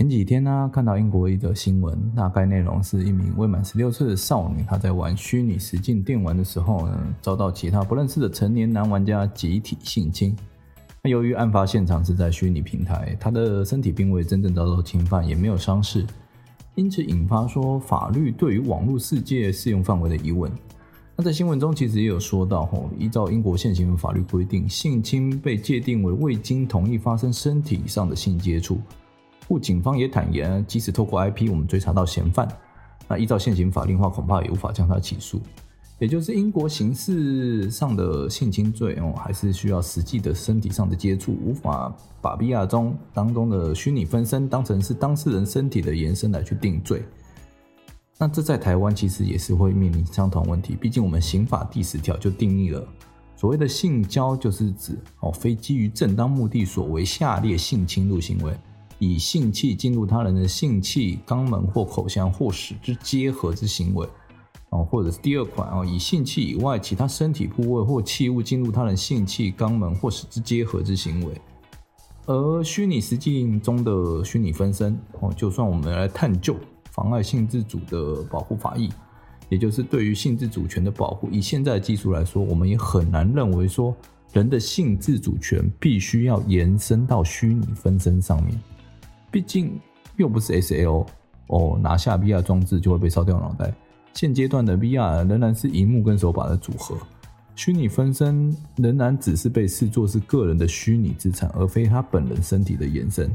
前幾天呢、啊，看到英國一則新聞，大概內容是一名未滿十六歲的少女，她在玩虛擬實境電玩的時候呢，遭到其他不認識的成年男玩家集體性侵。由於案發現場是在虛擬平台，她的身體並未真正遭到侵犯，也沒有傷勢，因此引發說法律對於網絡世界適用範圍的疑問。那在新聞中其實也有說到，吼，依照英國現行的法律規定，性侵被界定為未經同意發生身體上的性接觸。故警方也坦言，即使透過 IP 我們追查到嫌犯，那依照現行法令話，恐怕也無法將他起訴。也就是英國刑事上的性侵罪哦，還是需要實際的身體上的接觸，無法把 VR 中當中的虛擬分身當成是當事人身體的延伸來去定罪。那這在台灣其實也是會面臨相同問題，畢竟我們刑法第十條就定義了所謂的性交，就是指哦非基於正當目的所為下列性侵入行為。以性器進入他人的性器、肛門或口腔或使之結合之行為，啊，或者是第二款啊，以性器以外其他身體部位或器物進入他人的性器、肛門或使之結合之行為。而虛擬實境中的虛擬分身，哦，就算我們來探究妨害性自主的保護法益，也就是對於性自主權的保護，以現在的技術來說，我們也很難認為說人的性自主權必須要延伸到虛擬分身上面。畢竟又不是 SAO，哦，拿下 VR 裝置就會被燒掉腦袋。現階段的 VR 仍然是熒幕跟手把的組合，虛擬分身仍然只是被視作是個人的虛擬資產，而非他本人身體的延伸。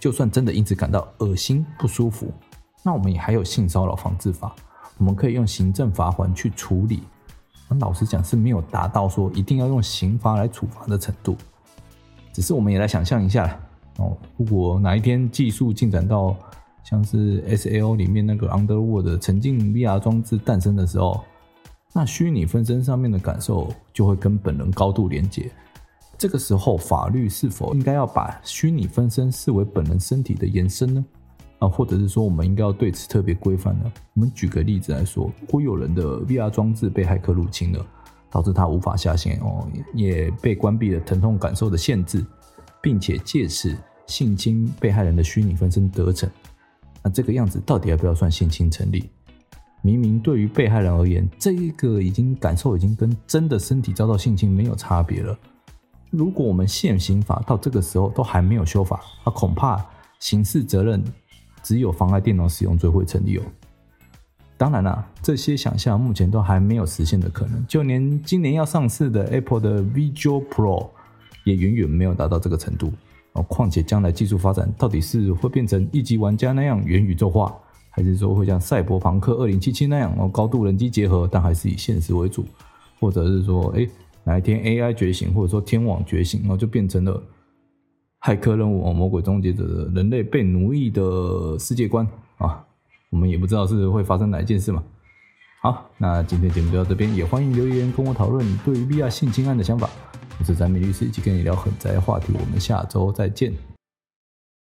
就算真的因此感到噁心不舒服，那我們也還有性騷擾防治法，我們可以用行政罰鍰去處理。老實講是沒有達到說一定要用刑罰來處罰的程度，只是我們也來想象一下。哦，如果哪一天技術進展到像是 S A O 裡面那個 Underworld 的沉浸 V R 裝置誕生的時候，那虛擬分身上面的感受就會跟本人高度連接。這個時候，法律是否應該要把虛擬分身視為本人身體的延伸呢？啊，或者是說，我們應該要對此特別規範呢？我們舉個例子來說，會有人的 V R 裝置被駭客入侵了，導致他無法下線哦，也被關閉了疼痛感受的限制。並且借此性侵被害人的虛擬分身得逞，那這個樣子到底要不要算性侵成立？明明對於被害人而言，這一個已經感受已經跟真的身體遭到性侵沒有差別了。如果我們現行法到這個時候都還沒有修法，那恐怕刑事責任只有妨礙電腦使用罪會成立哦。當然啦、啊，這些想象目前都還沒有實現的可能，就連今年要上市的 Apple 的 Vision Pro，也遠遠沒有達到這個程度哦。況且，將來技術發展到底是會變成一級玩家那樣元宇宙化，還是說會像賽博朋克二零七七那樣哦，高度人機結合，但還是以現實為主？或者是說、欸，誒哪一天 AI 覺醒，或者說天網覺醒，然後就變成了駭客任務、魔鬼終結者的人類被奴役的世界觀啊？我們也不知道是會發生哪一件事嘛。好，那今天節目就到這邊，也歡迎留言跟我討論對於 VR 性侵案的想法。我是宅米律師，一起跟你聊很宅的話題，我們下週再見。